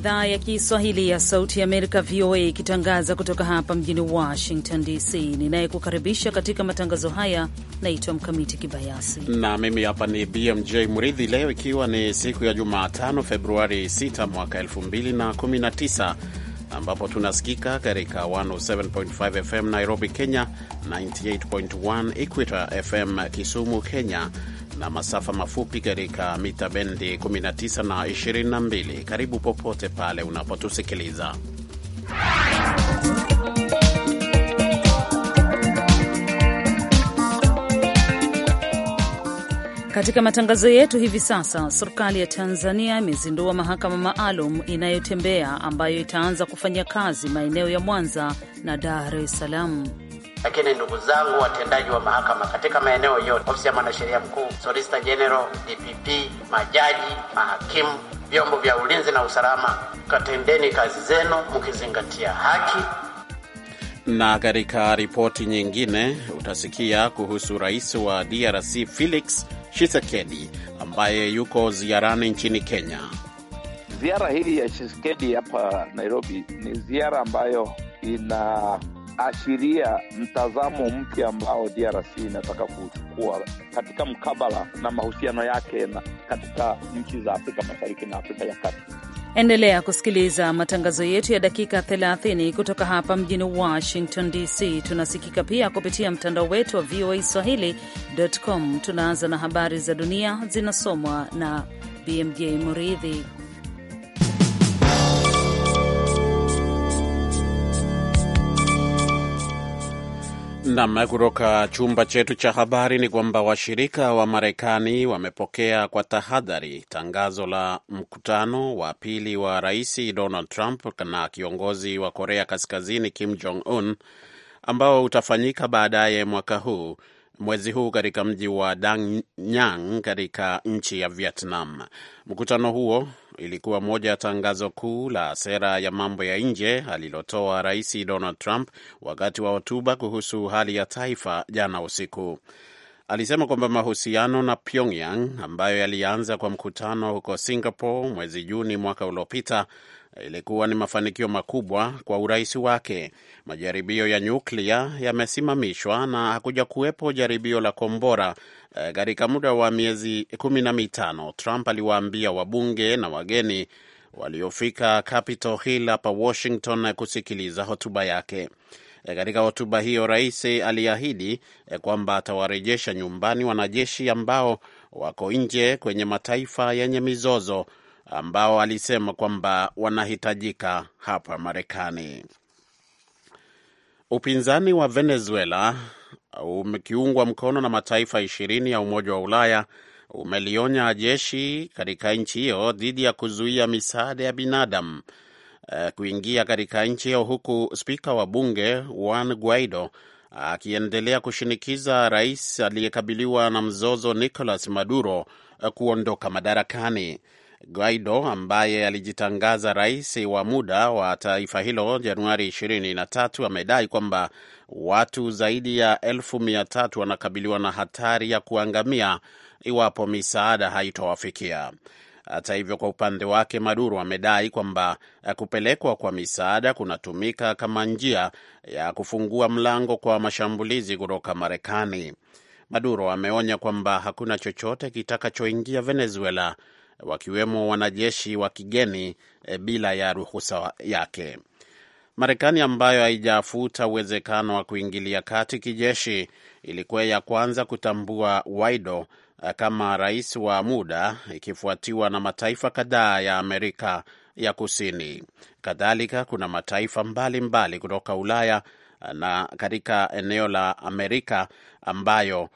idhaa ya Kiswahili ya Sauti ya Amerika, VOA, ikitangaza kutoka hapa mjini Washington DC. Ninayekukaribisha katika matangazo haya naitwa Mkamiti Kibayasi na mimi hapa ni BMJ Mridhi. Leo ikiwa ni siku ya Jumatano, Februari 6 mwaka 2019 ambapo tunasikika katika 107.5 FM Nairobi, Kenya, 98.1 Equator FM Kisumu, Kenya, na masafa mafupi katika mita bendi 19 na 22. Karibu popote pale unapotusikiliza Katika matangazo yetu hivi sasa, serikali ya Tanzania imezindua mahakama maalum inayotembea ambayo itaanza kufanya kazi maeneo ya Mwanza na Dar es Salaam. Lakini ndugu zangu watendaji wa mahakama katika maeneo yote, ofisi ya mwanasheria mkuu, solicitor general, DPP, majaji, mahakimu, vyombo vya ulinzi na usalama, katendeni kazi zenu mkizingatia haki. Na katika ripoti nyingine utasikia kuhusu rais wa DRC Felix Tshisekedi ambaye yuko ziarani nchini Kenya. Ziara hii ya Tshisekedi hapa Nairobi ni ziara ambayo ina ashiria mtazamo mpya ambao DRC inataka kuchukua katika mkabala na mahusiano yake na katika nchi za Afrika Mashariki na Afrika ya Kati. Endelea kusikiliza matangazo yetu ya dakika 30 kutoka hapa mjini Washington DC. Tunasikika pia kupitia mtandao wetu wa VOA Swahili.com. Tunaanza na habari za dunia zinasomwa na BMJ Muridhi. Nam, kutoka chumba chetu cha habari ni kwamba washirika wa Marekani wamepokea kwa tahadhari tangazo la mkutano wa pili wa Rais Donald Trump na kiongozi wa Korea Kaskazini Kim Jong Un ambao utafanyika baadaye mwaka huu mwezi huu katika mji wa Dang Nyang katika nchi ya Vietnam. Mkutano huo ilikuwa moja ya tangazo kuu la sera ya mambo ya nje alilotoa Rais Donald Trump wakati wa hotuba kuhusu hali ya taifa jana usiku. Alisema kwamba mahusiano na Pyongyang ambayo yalianza kwa mkutano huko Singapore mwezi Juni mwaka uliopita ilikuwa ni mafanikio makubwa kwa urais wake. Majaribio ya nyuklia yamesimamishwa na hakuja kuwepo jaribio la kombora eh, katika muda wa miezi kumi na mitano, Trump aliwaambia wabunge na wageni waliofika Capitol Hill hapa Washington kusikiliza hotuba yake. Eh, katika hotuba hiyo, rais aliahidi eh, kwamba atawarejesha nyumbani wanajeshi ambao wako nje kwenye mataifa yenye mizozo ambao alisema kwamba wanahitajika hapa Marekani. Upinzani wa Venezuela umekiungwa mkono na mataifa ishirini ya Umoja wa Ulaya umelionya jeshi katika nchi hiyo dhidi ya kuzuia misaada ya binadamu eh, kuingia katika nchi hiyo, huku spika wa bunge Juan Guaido akiendelea kushinikiza rais aliyekabiliwa na mzozo Nicolas Maduro eh, kuondoka madarakani. Guaido ambaye alijitangaza rais wa muda wa taifa hilo Januari 23 amedai kwamba watu zaidi ya elfu mia tatu wanakabiliwa na hatari ya kuangamia iwapo misaada haitowafikia. Hata hivyo, kwa upande wake, Maduro amedai kwamba kupelekwa kwa misaada kunatumika kama njia ya kufungua mlango kwa mashambulizi kutoka Marekani. Maduro ameonya kwamba hakuna chochote kitakachoingia Venezuela wakiwemo wanajeshi wa kigeni e, bila ya ruhusa yake. Marekani ambayo haijafuta uwezekano wa kuingilia kati kijeshi ilikuwa ya kwanza kutambua Guaido eh, kama rais wa muda ikifuatiwa na mataifa kadhaa ya Amerika ya Kusini. Kadhalika kuna mataifa mbalimbali mbali kutoka Ulaya na katika eneo la Amerika ambayo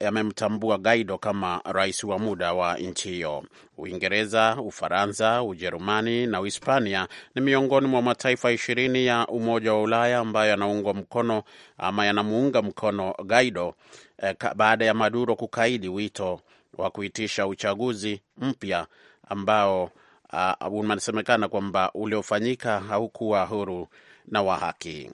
yamemtambua yame Gaido kama rais wa muda wa nchi hiyo. Uingereza, Ufaransa, Ujerumani na Uhispania ni miongoni mwa mataifa ishirini ya Umoja wa Ulaya ambayo yanaungwa mkono ama yanamuunga mkono gaido eh, baada ya Maduro kukaidi wito wa kuitisha uchaguzi mpya ambao uh, unasemekana kwamba uliofanyika haukuwa huru na wa haki.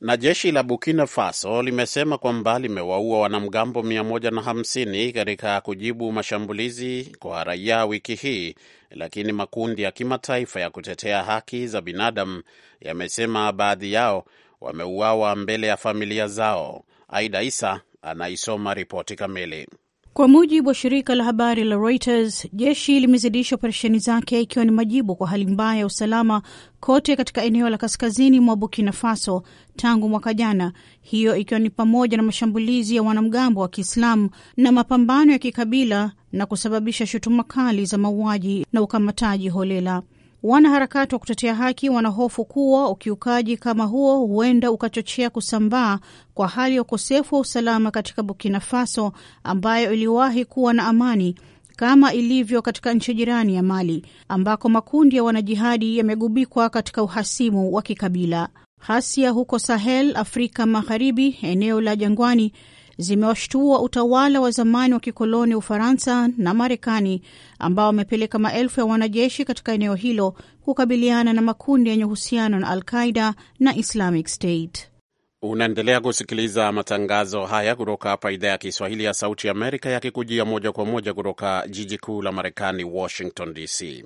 Na jeshi la Burkina Faso limesema kwamba limewaua wanamgambo 150 katika kujibu mashambulizi kwa raia wiki hii, lakini makundi ya kimataifa ya kutetea haki za binadamu yamesema baadhi yao wameuawa mbele ya familia zao. Aida Isa anaisoma ripoti kamili. Kwa mujibu wa shirika la habari la Reuters, jeshi limezidisha operesheni zake ikiwa ni majibu kwa hali mbaya ya usalama kote katika eneo la kaskazini mwa Burkina Faso tangu mwaka jana, hiyo ikiwa ni pamoja na mashambulizi ya wanamgambo wa Kiislamu na mapambano ya kikabila na kusababisha shutuma kali za mauaji na ukamataji holela. Wanaharakati wa kutetea haki wanahofu kuwa ukiukaji kama huo huenda ukachochea kusambaa kwa hali ya ukosefu wa usalama katika Burkina Faso ambayo iliwahi kuwa na amani kama ilivyo katika nchi jirani ya Mali ambako makundi ya wanajihadi yamegubikwa katika uhasimu wa kikabila. Ghasia huko Sahel, Afrika Magharibi, eneo la jangwani zimewashtua utawala wa zamani wa kikoloni Ufaransa na Marekani ambao wamepeleka maelfu ya wanajeshi katika eneo hilo kukabiliana na makundi yenye uhusiano na Al-Qaida na Islamic State. Unaendelea kusikiliza matangazo haya kutoka hapa idhaa ya Kiswahili ya Sauti Amerika yakikujia moja kwa moja kutoka jiji kuu la Marekani, Washington DC.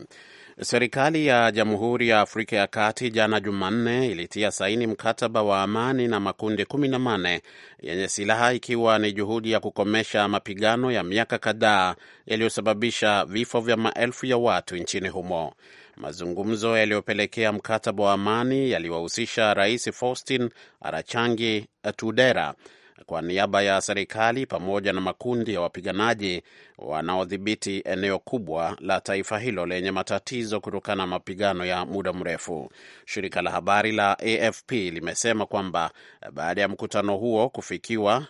Serikali ya Jamhuri ya Afrika ya Kati jana Jumanne ilitia saini mkataba wa amani na makundi kumi na manne yenye silaha ikiwa ni juhudi ya kukomesha mapigano ya miaka kadhaa yaliyosababisha vifo vya maelfu ya watu nchini humo. Mazungumzo yaliyopelekea mkataba wa amani yaliwahusisha Rais Faustin arachangi Tudera kwa niaba ya serikali pamoja na makundi ya wapiganaji wanaodhibiti eneo kubwa la taifa hilo lenye matatizo kutokana na mapigano ya muda mrefu. Shirika la habari la AFP limesema kwamba baada ya mkutano huo kufikiwa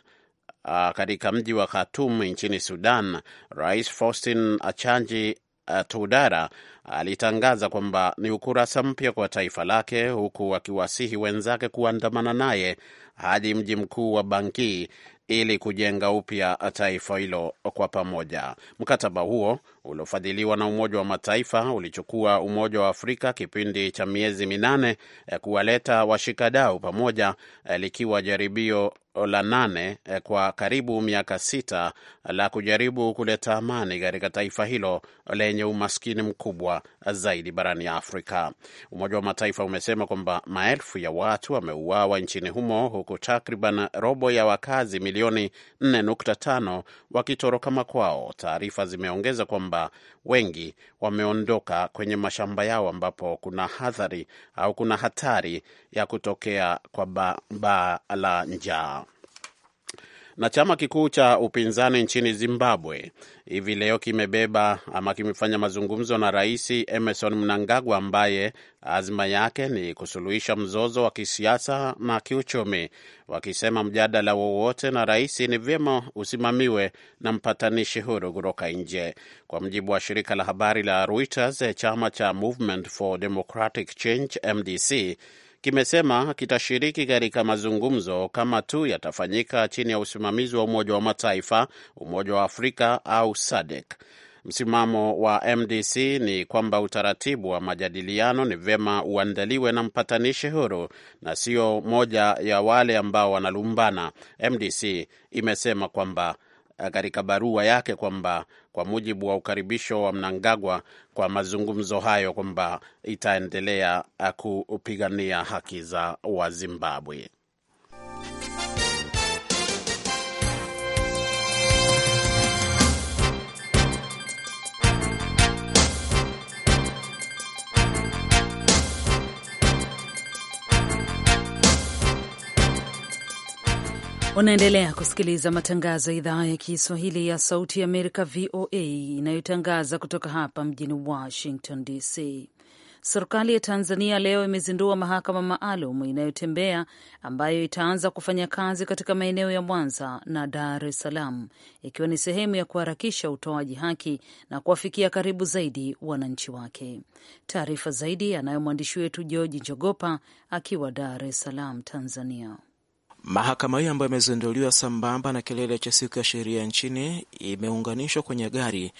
Uh, katika mji wa Khartoum nchini Sudan, Rais Faustin Achanji Eh, Tudara alitangaza kwamba ni ukurasa mpya kwa taifa lake, huku akiwasihi wenzake kuandamana naye hadi mji mkuu wa Bangui ili kujenga upya taifa hilo kwa pamoja. Mkataba huo uliofadhiliwa na Umoja wa Mataifa ulichukua Umoja wa Afrika kipindi cha miezi minane eh, kuwaleta washikadau pamoja, eh, likiwa jaribio la nane eh, kwa karibu miaka sita la kujaribu kuleta amani katika taifa hilo lenye umaskini mkubwa zaidi barani Afrika. Umoja wa Mataifa umesema kwamba maelfu ya watu wameuawa nchini humo huku takriban robo ya wakazi milioni 4.5 wakitoroka makwao. Taarifa zimeongeza kwamba kwamba wengi wameondoka kwenye mashamba yao ambapo kuna hadhari au kuna hatari ya kutokea kwa baa ba la njaa. Na chama kikuu cha upinzani nchini Zimbabwe hivi leo kimebeba ama kimefanya mazungumzo na Rais Emerson Mnangagwa ambaye azma yake ni kusuluhisha mzozo wa kisiasa na kiuchumi, wakisema mjadala wowote na rais ni vyema usimamiwe na mpatanishi huru kutoka nje. Kwa mjibu wa shirika la habari la Reuters, chama cha Movement for Democratic Change MDC kimesema kitashiriki katika mazungumzo kama tu yatafanyika chini ya usimamizi wa Umoja wa Mataifa, Umoja wa Afrika au SADC. Msimamo wa MDC ni kwamba utaratibu wa majadiliano ni vyema uandaliwe na mpatanishi huru na sio moja ya wale ambao wanalumbana. MDC imesema kwamba Eh, katika barua yake kwamba kwa mujibu wa ukaribisho wa Mnangagwa kwa mazungumzo hayo kwamba itaendelea eh, kupigania haki za Wazimbabwe. Unaendelea kusikiliza matangazo ya idhaa ya Kiswahili ya Sauti ya Amerika, VOA, inayotangaza kutoka hapa mjini Washington DC. Serikali ya Tanzania leo imezindua mahakama maalum inayotembea ambayo itaanza kufanya kazi katika maeneo ya Mwanza na Dar es Salaam, ikiwa ni sehemu ya kuharakisha utoaji haki na kuwafikia karibu zaidi wananchi wake. Taarifa zaidi anayo mwandishi wetu Georgi Njogopa akiwa Dar es Salaam, Tanzania. Mahakama hiyo ambayo imezinduliwa sambamba na kilele cha siku ya sheria nchini imeunganishwa kwenye gari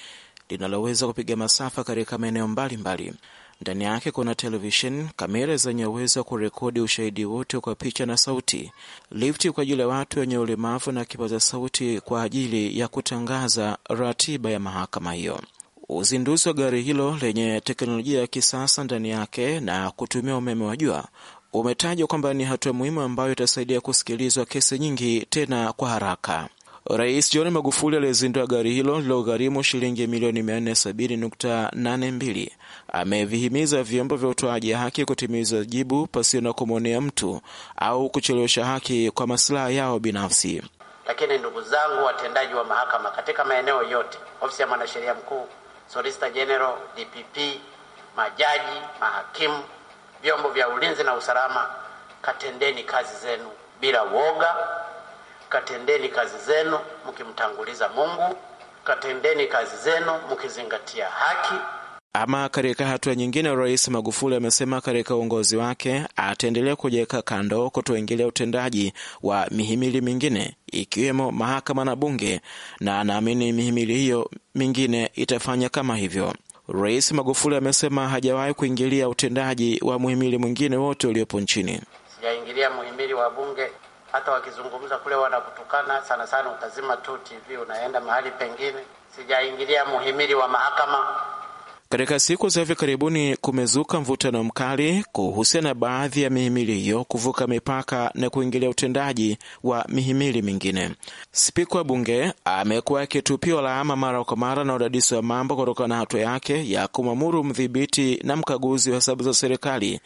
linaloweza kupiga masafa katika maeneo mbalimbali. Ndani yake kuna televisheni, kamera zenye uwezo wa kurekodi ushahidi wote kwa picha na sauti, lifti kwa ajili ya watu wenye ulemavu na kipaza sauti kwa ajili ya kutangaza ratiba ya mahakama hiyo. Uzinduzi wa gari hilo lenye teknolojia ya kisasa ndani yake na kutumia umeme wa jua umetajwa kwamba ni hatua muhimu ambayo itasaidia kusikilizwa kesi nyingi tena kwa haraka. Rais John Magufuli aliyezindua gari hilo lilogharimu shilingi milioni 470.82 amevihimiza vyombo vya utoaji haki kutimiza jibu pasio na kumwonea mtu au kuchelewesha haki kwa masilaha yao binafsi. Lakini ndugu zangu watendaji wa mahakama katika maeneo yote, ofisi ya mwanasheria mkuu, solicitor general, DPP, majaji, mahakimu vyombo vya ulinzi na usalama, katendeni kazi zenu bila woga, katendeni kazi zenu mkimtanguliza Mungu, katendeni kazi zenu mkizingatia haki. Ama katika hatua nyingine, Rais Magufuli amesema katika uongozi wake ataendelea kujiweka kando kutoingilia utendaji wa mihimili mingine ikiwemo mahakama na bunge, na anaamini mihimili hiyo mingine itafanya kama hivyo. Rais Magufuli amesema hajawahi kuingilia utendaji wa muhimili mwingine wote uliopo nchini. Sijaingilia muhimili wa Bunge, hata wakizungumza kule wanakutukana sana sana, utazima tu TV unaenda mahali pengine. Sijaingilia muhimili wa mahakama katika siku za hivi karibuni kumezuka mvutano mkali kuhusiana na baadhi ya mihimili hiyo kuvuka mipaka na kuingilia utendaji wa mihimili mingine. Spika wa Bunge amekuwa akitupiwa laama mara kwa mara na udadisi wa mambo kutokana na hatua yake ya kumwamuru mdhibiti na mkaguzi wa hesabu za serikali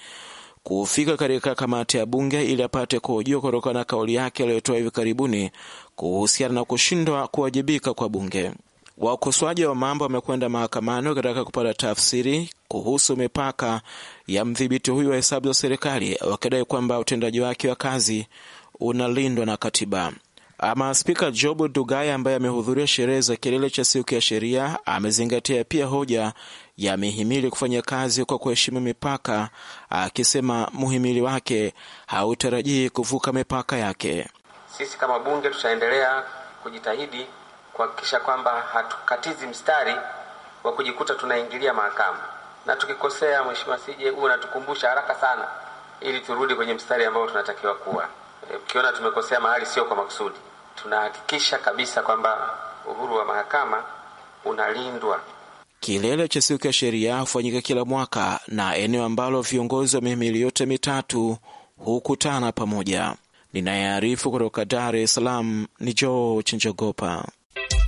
kufika katika kamati ya bunge ili apate kuhojiwa kutokana na kauli yake aliyotoa hivi karibuni kuhusiana na kushindwa kuwajibika kwa bunge. Wakosoaji wa mambo wamekwenda mahakamani wakitaka kupata tafsiri kuhusu mipaka ya mdhibiti huyu wa hesabu za serikali, wakidai kwamba utendaji wake wa kazi unalindwa na katiba. Ama Spika Job Dugai ambaye amehudhuria sherehe za kilele cha siku ya sheria amezingatia pia hoja ya mihimili kufanya kazi kwa kuheshimu mipaka, akisema muhimili wake hautarajii kuvuka mipaka yake. Sisi kama bunge tutaendelea kujitahidi kuhakikisha kwamba hatukatizi mstari wa kujikuta tunaingilia mahakama, na tukikosea, Mheshimiwa Sije, huwa natukumbusha haraka sana ili turudi kwenye mstari ambao tunatakiwa kuwa. E, ukiona tumekosea mahali, sio kwa makusudi, tunahakikisha kabisa kwamba uhuru wa mahakama unalindwa. Kilele cha siku ya sheria hufanyika kila mwaka na eneo ambalo viongozi wa mihimili yote mitatu hukutana pamoja. Ninayearifu kutoka Dar es Salaam ni Joo Chinjogopa.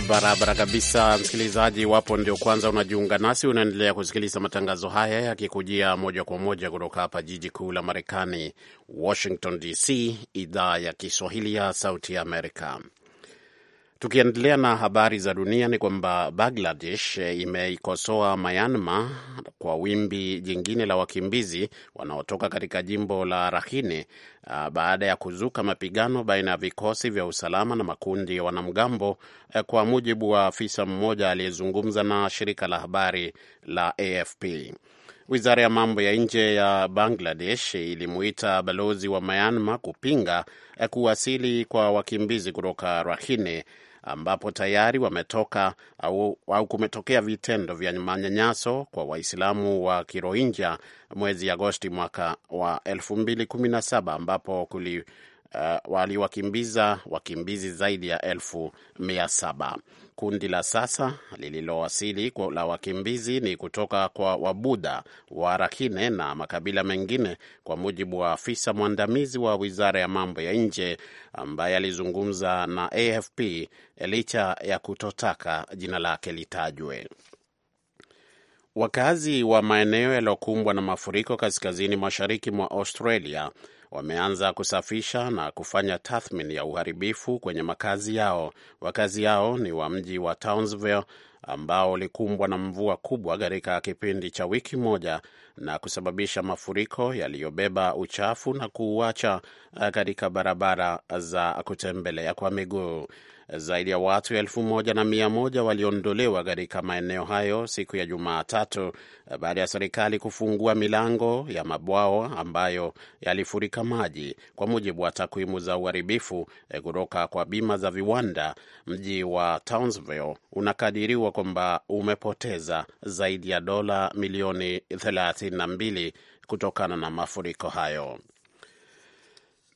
Barabara kabisa, msikilizaji. Iwapo ndio kwanza unajiunga nasi, unaendelea kusikiliza matangazo haya yakikujia moja kwa moja kutoka hapa jiji kuu la Marekani, Washington DC, idhaa ya Kiswahili ya Sauti ya Amerika. Tukiendelea na habari za dunia ni kwamba Bangladesh imeikosoa Myanmar kwa wimbi jingine la wakimbizi wanaotoka katika jimbo la Rakhine uh, baada ya kuzuka mapigano baina ya vikosi vya usalama na makundi ya wanamgambo, uh, kwa mujibu wa afisa mmoja aliyezungumza na shirika la habari la AFP. Wizara ya mambo ya nje ya Bangladesh ilimuita balozi wa Myanmar kupinga eh, kuwasili kwa wakimbizi kutoka Rakhine ambapo tayari wametoka au, au kumetokea vitendo vya manyanyaso kwa Waislamu wa Kirohinja mwezi Agosti mwaka wa 2017 ambapo kuli uh, waliwakimbiza wakimbizi zaidi ya elfu mia saba. Kundi la sasa lililowasili la wakimbizi ni kutoka kwa Wabudha, Warakine na makabila mengine, kwa mujibu wa afisa mwandamizi wa wizara ya mambo ya nje ambaye alizungumza na AFP licha ya kutotaka jina lake litajwe. Wakazi wa maeneo yaliyokumbwa na mafuriko kaskazini mashariki mwa Australia wameanza kusafisha na kufanya tathmini ya uharibifu kwenye makazi yao. Wakazi yao ni wa mji wa Townsville ambao ulikumbwa na mvua kubwa katika kipindi cha wiki moja na kusababisha mafuriko yaliyobeba uchafu na kuuacha eh, katika barabara za kutembelea kwa miguu. Zaidi ya watu elfu moja na mia moja waliondolewa katika maeneo hayo siku ya Jumatatu baada ya serikali kufungua milango ya mabwao ambayo yalifurika maji, kwa mujibu wa takwimu za uharibifu eh, kutoka kwa bima za viwanda. Mji wa Townsville unakadiriwa kwamba umepoteza zaidi ya dola milioni 32 kutokana na mafuriko hayo.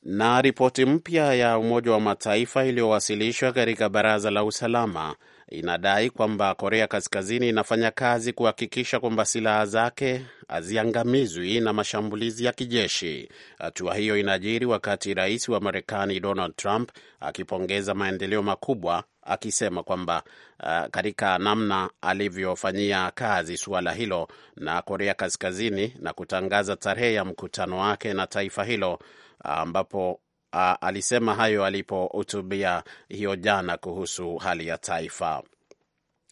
Na ripoti mpya ya Umoja wa Mataifa iliyowasilishwa katika Baraza la Usalama inadai kwamba Korea Kaskazini inafanya kazi kuhakikisha kwamba silaha zake haziangamizwi na mashambulizi ya kijeshi. Hatua hiyo inajiri wakati rais wa Marekani Donald Trump akipongeza maendeleo makubwa, akisema kwamba uh, katika namna alivyofanyia kazi suala hilo na Korea Kaskazini, na kutangaza tarehe ya mkutano wake na taifa hilo Ah, ambapo uh, alisema hayo alipohutubia hiyo jana kuhusu hali ya taifa.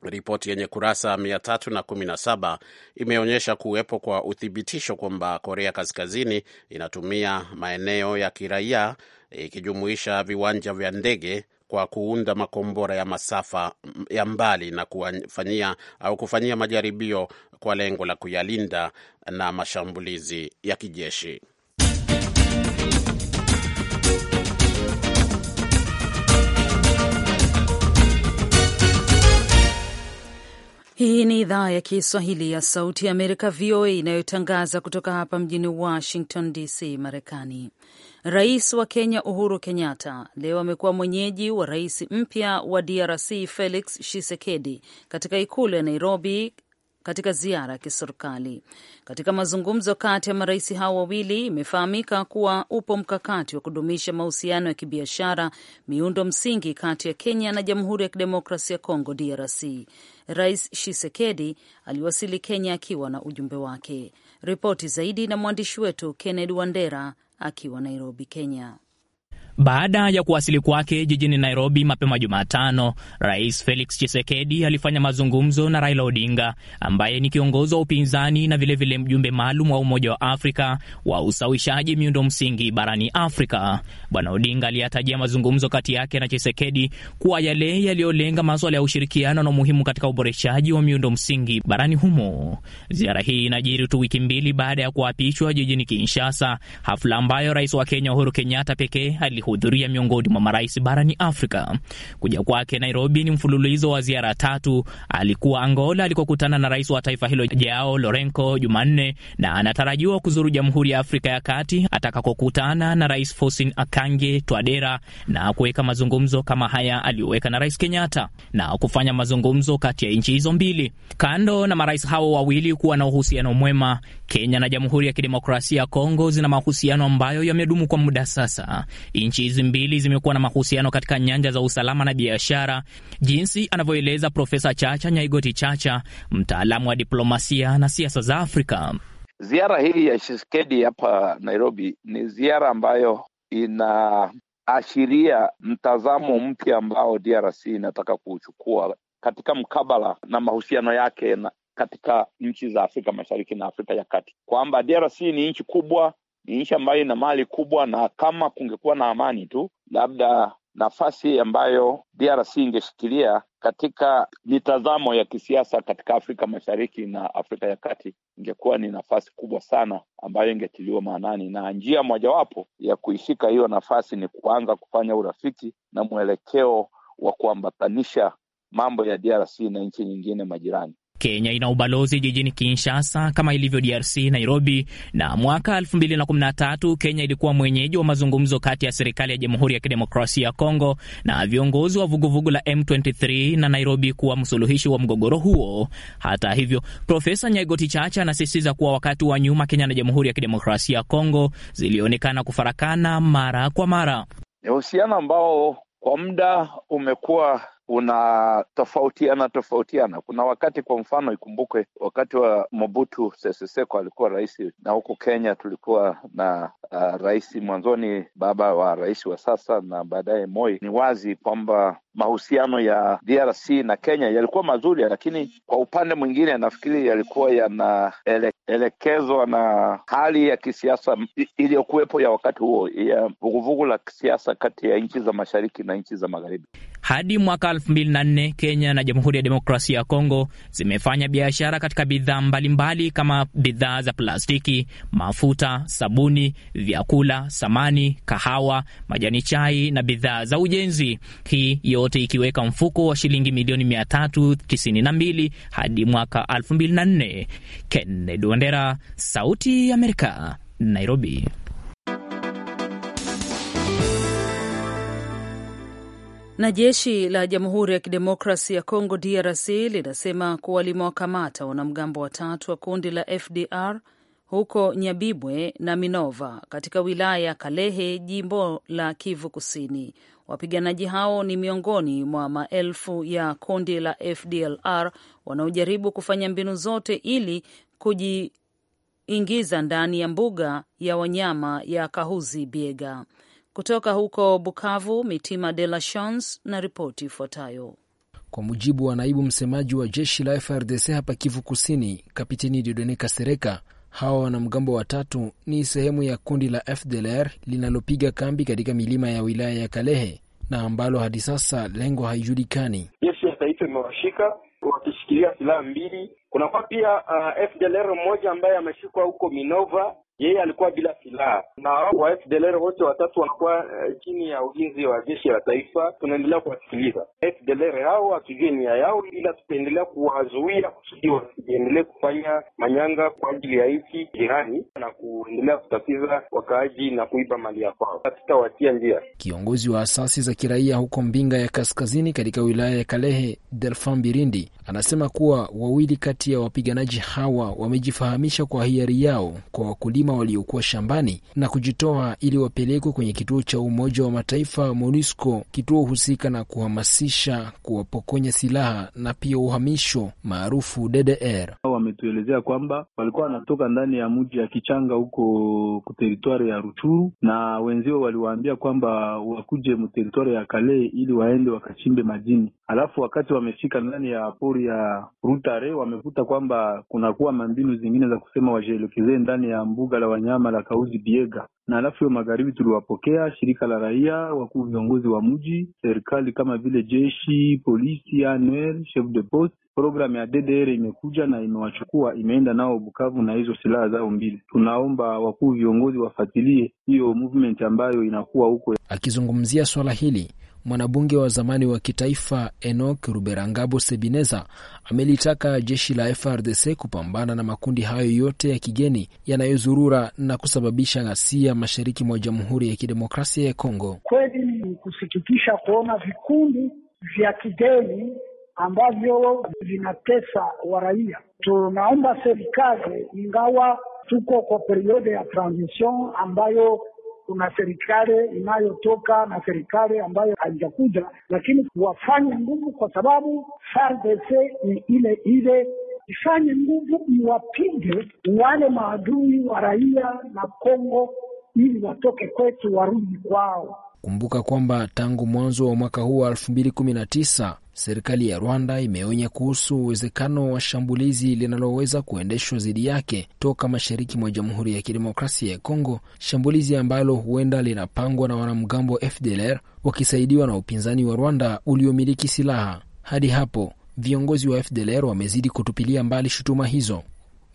Ripoti yenye kurasa 317 imeonyesha kuwepo kwa uthibitisho kwamba Korea Kaskazini inatumia maeneo ya kiraia ikijumuisha viwanja vya ndege kwa kuunda makombora ya masafa ya mbali na kufanyia au kufanyia majaribio kwa lengo la kuyalinda na mashambulizi ya kijeshi. Hii ni idhaa ya Kiswahili ya Sauti ya Amerika, VOA, inayotangaza kutoka hapa mjini Washington DC, Marekani. Rais wa Kenya Uhuru Kenyatta leo amekuwa mwenyeji wa rais mpya wa DRC Felix Tshisekedi katika ikulu ya Nairobi katika ziara ya kiserikali. Katika mazungumzo kati ya marais hao wawili, imefahamika kuwa upo mkakati wa kudumisha mahusiano ya kibiashara, miundo msingi kati ya Kenya na Jamhuri ya Kidemokrasia ya Kongo, DRC. Rais Tshisekedi aliwasili Kenya akiwa na ujumbe wake. Ripoti zaidi na mwandishi wetu Kennedy Wandera akiwa Nairobi, Kenya. Baada ya kuwasili kwake jijini Nairobi mapema Jumatano, Rais Felix Chisekedi alifanya mazungumzo na Raila Odinga ambaye ni kiongozi wa upinzani na vilevile vile mjumbe maalum wa Umoja wa Afrika wa usawishaji miundo msingi barani Afrika. Bwana Odinga aliyatajia mazungumzo kati yake na Chisekedi kuwa yale yaliyolenga maswala ya ushirikiano na umuhimu katika uboreshaji wa miundo msingi barani humo. Ziara hii inajiri tu wiki mbili baada ya kuapishwa jijini Kinshasa, hafla ambayo rais wa Kenya Uhuru Kenyatta pekee kuhudhuria miongoni mwa marais barani Afrika. Kuja kwake Nairobi ni mfululizo wa ziara tatu. Alikuwa Angola alikokutana na rais wa taifa hilo jao Lorenco Jumanne, na anatarajiwa kuzuru Jamhuri ya Afrika ya Kati atakakokutana na rais Fosin akange twadera na kuweka mazungumzo kama haya aliyoweka na rais Kenyatta na kufanya mazungumzo kati ya nchi hizo mbili. Kando na marais hao wawili kuwa na uhusiano mwema, Kenya na Jamhuri ya Kidemokrasia ya Kongo zina mahusiano ambayo yamedumu kwa muda sasa. Nchi hizi mbili zimekuwa na mahusiano katika nyanja za usalama na biashara, jinsi anavyoeleza Profesa Chacha Nyaigoti Chacha, mtaalamu wa diplomasia na siasa za Afrika. Ziara hii ya shisekedi hapa Nairobi ni ziara ambayo inaashiria mtazamo mpya ambao DRC inataka kuuchukua katika mkabala na mahusiano yake na katika nchi za Afrika Mashariki na Afrika ya Kati, kwamba DRC ni nchi kubwa, ni nchi ambayo ina mali kubwa, na kama kungekuwa na amani tu, labda nafasi ambayo DRC ingeshikilia katika mitazamo ya kisiasa katika Afrika Mashariki na Afrika ya Kati ingekuwa ni nafasi kubwa sana ambayo ingetiliwa maanani, na njia mojawapo ya kuishika hiyo nafasi ni kuanza kufanya urafiki na mwelekeo wa kuambatanisha mambo ya DRC na nchi nyingine majirani. Kenya ina ubalozi jijini Kinshasa kama ilivyo DRC Nairobi, na mwaka 2013 Kenya ilikuwa mwenyeji wa mazungumzo kati ya serikali ya Jamhuri ya Kidemokrasia ya Kongo na viongozi wa vuguvugu la M23 na Nairobi kuwa msuluhishi wa mgogoro huo. Hata hivyo, Profesa Nyaigoti Chacha anasisitiza kuwa wakati wa nyuma Kenya na Jamhuri ya Kidemokrasia ya Kongo zilionekana kufarakana mara kwa mara. Ni uhusiano ambao kwa muda umekuwa unatofautiana tofautiana. Kuna wakati, kwa mfano, ikumbukwe wakati wa Mobutu Sese Seko alikuwa rais, na huku Kenya tulikuwa na uh, rais mwanzoni, baba wa rais wa sasa na baadaye Moi. Ni wazi kwamba mahusiano ya DRC na Kenya yalikuwa mazuri, lakini kwa upande mwingine nafikiri yalikuwa yanaelekezwa ele, na hali ya kisiasa iliyokuwepo ya wakati huo ya vuguvugu la kisiasa kati ya nchi za mashariki na nchi za magharibi. Hadi mwaka 2004 Kenya na Jamhuri ya Demokrasia ya Kongo zimefanya biashara katika bidhaa mbalimbali kama bidhaa za plastiki, mafuta, sabuni, vyakula, samani, kahawa, majani chai na bidhaa za ujenzi, hii yote ikiweka mfuko wa shilingi milioni 392 hadi mwaka 2004. Kennedy Wandera, Sauti ya Amerika, Nairobi. Na jeshi la Jamhuri ya Kidemokrasi ya Kongo DRC linasema kuwa limewakamata wanamgambo watatu wa kundi la FDR huko Nyabibwe na Minova katika wilaya ya Kalehe, jimbo la Kivu Kusini. Wapiganaji hao ni miongoni mwa maelfu ya kundi la FDLR wanaojaribu kufanya mbinu zote ili kujiingiza ndani ya mbuga ya wanyama ya Kahuzi Biega. Kutoka huko Bukavu, Mitima de la Chance na ripoti ifuatayo. Kwa mujibu wa naibu msemaji wa jeshi la FRDC hapa Kivu Kusini, Kapiteni Didone Kasereka, hawa wanamgambo watatu ni sehemu ya kundi la FDLR linalopiga kambi katika milima ya wilaya ya Kalehe na ambalo hadi sasa lengo haijulikani. Jeshi ya taifa imewashika wakishikilia silaha mbili. Kunakuwa pia uh, FDLR mmoja ambaye ameshikwa huko Minova yeye alikuwa bila silaha na wa FDLR wote watatu walikuwa uh, chini ya ulinzi wa jeshi la taifa. Tunaendelea kuwasikiliza FDLR hao, hatujue nia yao, ila tutaendelea kuwazuia kusudi wasiendelee kufanya manyanga kwa ajili ya nchi jirani na kuendelea kutatiza wakaaji na kuiba mali ya kwao. Hatutawatia njia. Kiongozi wa asasi za kiraia huko Mbinga ya Kaskazini katika wilaya ya Kalehe, Delfan Birindi anasema kuwa wawili kati ya wapiganaji hawa wamejifahamisha kwa hiari yao kwa wakulima wakulima waliokuwa shambani na kujitoa ili wapelekwe kwenye kituo cha Umoja wa Mataifa MONUSCO, kituo husika na kuhamasisha kuwapokonya silaha na pia uhamisho maarufu DDR. Wametuelezea kwamba walikuwa wanatoka ndani ya mji ya Kichanga huko kuteritwari ya Ruchuru, na wenzio waliwaambia kwamba wakuje muteritwari ya Kale ili waende wakachimbe majini Alafu wakati wamefika ndani ya pori ya Rutare wamekuta kwamba kunakuwa mambinu zingine za kusema wajielekezee ndani ya mbuga la wanyama la kauzi Biega, na alafu hiyo magharibi tuliwapokea shirika la raia, wakuu viongozi wa mji, serikali kama vile jeshi, polisi, ANR, chef de poste Programu ya DDR imekuja na imewachukua imeenda nao Bukavu na hizo silaha zao mbili. Tunaomba wakuu viongozi wafuatilie hiyo movement ambayo inakuwa huko. Akizungumzia swala hili, mwanabunge wa zamani wa kitaifa Enok Ruberangabo Sebineza amelitaka jeshi la FRDC kupambana na makundi hayo yote ya kigeni yanayozurura na kusababisha ghasia mashariki mwa Jamhuri ya Kidemokrasia ya Kongo. Kweli ni kusikitisha kuona vikundi vya kigeni ambavyo vinatesa waraia. Tunaomba serikali, ingawa tuko kwa periode ya transition ambayo kuna serikali inayotoka na serikali ambayo haijakuja, lakini wafanye nguvu, kwa sababu FARDC ni ile ile ifanye nguvu iwapige wale maadui wa raia na Kongo ili watoke kwetu warudi kwao. Kumbuka kwamba tangu mwanzo wa mwaka huu wa 2019 serikali ya Rwanda imeonya kuhusu uwezekano wa shambulizi linaloweza kuendeshwa dhidi yake toka mashariki mwa Jamhuri ya Kidemokrasia ya Kongo, shambulizi ambalo huenda linapangwa na wanamgambo wa FDLR wakisaidiwa na upinzani wa Rwanda uliomiliki silaha. Hadi hapo viongozi wa FDLR wamezidi kutupilia mbali shutuma hizo.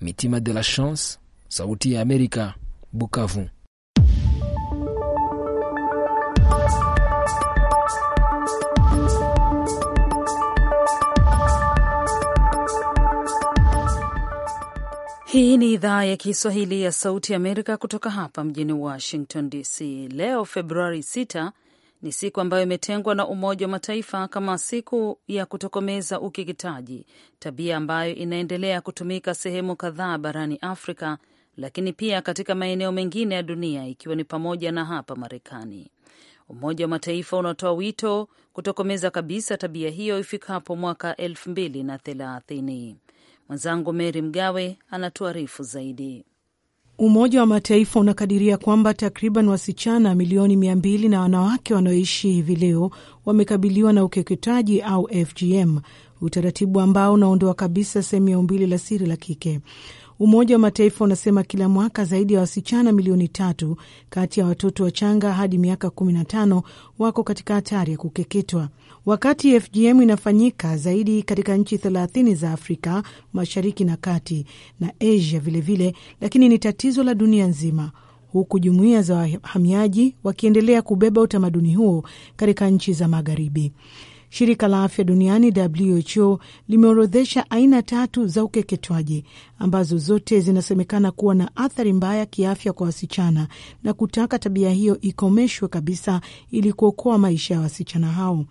Mitima de la Chance, Sauti ya Amerika, Bukavu. Hii ni idhaa ya Kiswahili ya Sauti ya Amerika kutoka hapa mjini Washington DC. Leo Februari 6 ni siku ambayo imetengwa na Umoja wa Mataifa kama siku ya kutokomeza ukeketaji, tabia ambayo inaendelea kutumika sehemu kadhaa barani Afrika, lakini pia katika maeneo mengine ya dunia, ikiwa ni pamoja na hapa Marekani. Umoja wa Mataifa unatoa wito kutokomeza kabisa tabia hiyo ifikapo mwaka elfu mbili na thelathini. Mwenzangu Meri Mgawe anatuarifu zaidi. Umoja wa Mataifa unakadiria kwamba takriban wasichana milioni mia mbili na wanawake wanaoishi hivi leo wamekabiliwa na ukeketaji au FGM, utaratibu ambao unaondoa kabisa sehemu ya umbile la siri la kike. Umoja wa Mataifa unasema kila mwaka zaidi ya wasichana milioni tatu kati ya watoto wachanga hadi miaka 15 wako katika hatari ya kukeketwa. Wakati FGM inafanyika zaidi katika nchi 30 za Afrika Mashariki na Kati na Asia vilevile vile, lakini ni tatizo la dunia nzima huku jumuiya za wahamiaji wakiendelea kubeba utamaduni huo katika nchi za Magharibi. Shirika la afya duniani WHO limeorodhesha aina tatu za ukeketwaji ambazo zote zinasemekana kuwa na athari mbaya kiafya kwa wasichana na kutaka tabia hiyo ikomeshwe kabisa ili kuokoa maisha ya wasichana hao.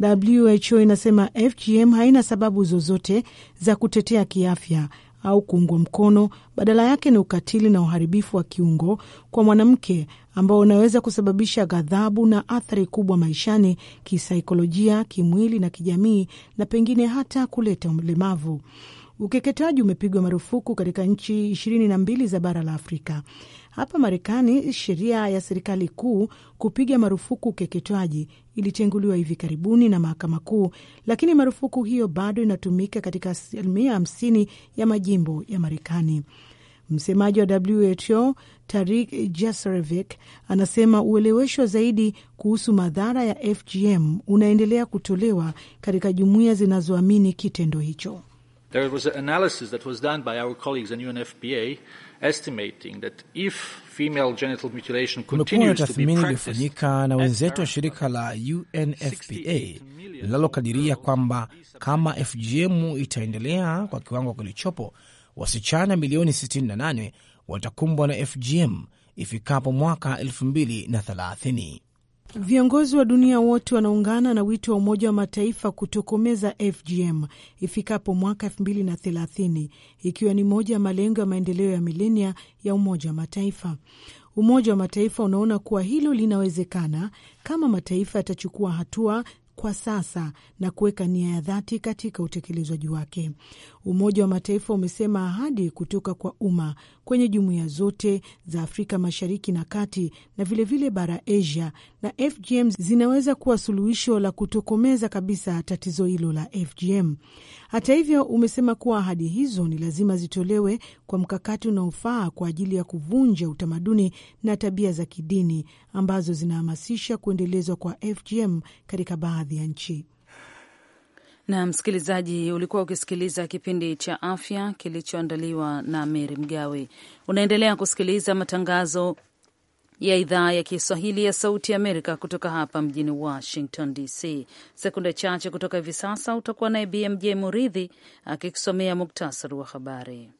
WHO inasema FGM haina sababu zozote za kutetea kiafya au kuungwa mkono, badala yake ni ukatili na uharibifu wa kiungo kwa mwanamke ambao unaweza kusababisha ghadhabu na athari kubwa maishani, kisaikolojia, kimwili na kijamii, na pengine hata kuleta ulemavu. Ukeketaji umepigwa marufuku katika nchi ishirini na mbili za bara la Afrika. Hapa Marekani, sheria ya serikali kuu kupiga marufuku ukeketaji ilitenguliwa hivi karibuni na mahakama kuu, lakini marufuku hiyo bado inatumika katika asilimia hamsini ya majimbo ya Marekani. Msemaji wa WHO Tarik Jasarevic anasema uelewesho zaidi kuhusu madhara ya FGM unaendelea kutolewa katika jumuiya zinazoamini kitendo hicho. There was an analysis that was done by our colleagues in UNFPA estimating that if female genital mutilation continues to be practiced. Tathmini iliyofanyika na wenzetu wa shirika la UNFPA linalokadiria kwamba kama FGM itaendelea kwa kiwango kilichopo wasichana milioni 68 watakumbwa na FGM ifikapo mwaka 2030. Viongozi wa dunia wote wanaungana na wito wa Umoja wa Mataifa kutokomeza FGM ifikapo mwaka 2030, ikiwa ni moja ya malengo ya maendeleo ya milenia ya Umoja wa Mataifa. Umoja wa Mataifa unaona kuwa hilo linawezekana kama mataifa yatachukua hatua kwa sasa na kuweka nia ya dhati katika utekelezwaji wake. Umoja wa Mataifa umesema ahadi kutoka kwa umma kwenye jumuiya zote za Afrika Mashariki na Kati na vilevile vile bara Asia na FGM zinaweza kuwa suluhisho la kutokomeza kabisa tatizo hilo la FGM. Hata hivyo, umesema kuwa ahadi hizo ni lazima zitolewe kwa mkakati unaofaa kwa ajili ya kuvunja utamaduni na tabia za kidini ambazo zinahamasisha kuendelezwa kwa FGM katika baadhi baadhi ya nchi. Na msikilizaji, ulikuwa ukisikiliza kipindi cha afya kilichoandaliwa na Meri Mgawe. Unaendelea kusikiliza matangazo ya idhaa ya Kiswahili ya Sauti ya Amerika kutoka hapa mjini Washington DC. Sekunde chache kutoka hivi sasa utakuwa naye BMJ Muridhi akikusomea muktasari wa habari.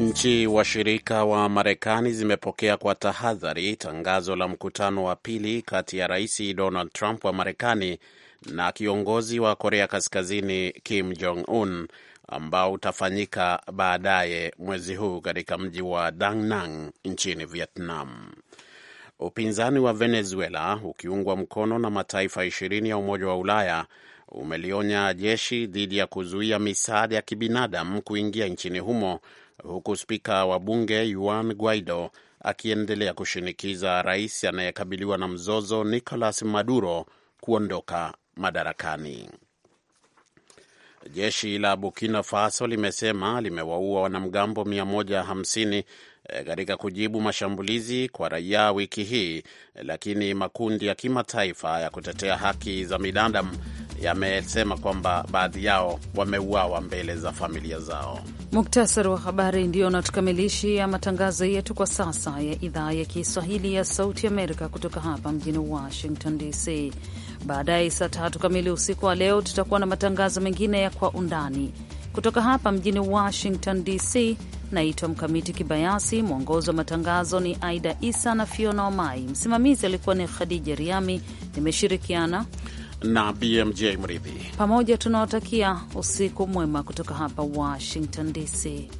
Nchi washirika wa, wa Marekani zimepokea kwa tahadhari tangazo la mkutano wa pili kati ya Rais Donald Trump wa Marekani na kiongozi wa Korea Kaskazini Kim Jong Un ambao utafanyika baadaye mwezi huu katika mji wa dang Nang nchini Vietnam. Upinzani wa Venezuela ukiungwa mkono na mataifa ishirini ya Umoja wa Ulaya umelionya jeshi dhidi ya kuzuia misaada ya kibinadamu kuingia nchini humo huku spika wa bunge Juan Guaido akiendelea kushinikiza rais anayekabiliwa na mzozo Nicolas Maduro kuondoka madarakani. Jeshi la Burkina Faso limesema limewaua wanamgambo 150 Eh, katika kujibu mashambulizi kwa raia wiki hii, lakini makundi ya kimataifa ya kutetea haki za binadamu yamesema kwamba baadhi yao wameuawa mbele za familia zao. Muktasari wa habari ndio unatukamilishia matangazo yetu kwa sasa ya idhaa ya Kiswahili ya Sauti Amerika kutoka hapa mjini Washington DC. Baadaye saa tatu kamili usiku wa leo tutakuwa na matangazo mengine ya Kwa Undani kutoka hapa mjini Washington DC. Naitwa Mkamiti Kibayasi, mwongozi wa matangazo ni Aida Isa na Fiona Wamai, msimamizi alikuwa ni Khadija Riami, nimeshirikiana na BMJ Mridhi. Pamoja tunawatakia usiku mwema kutoka hapa Washington DC.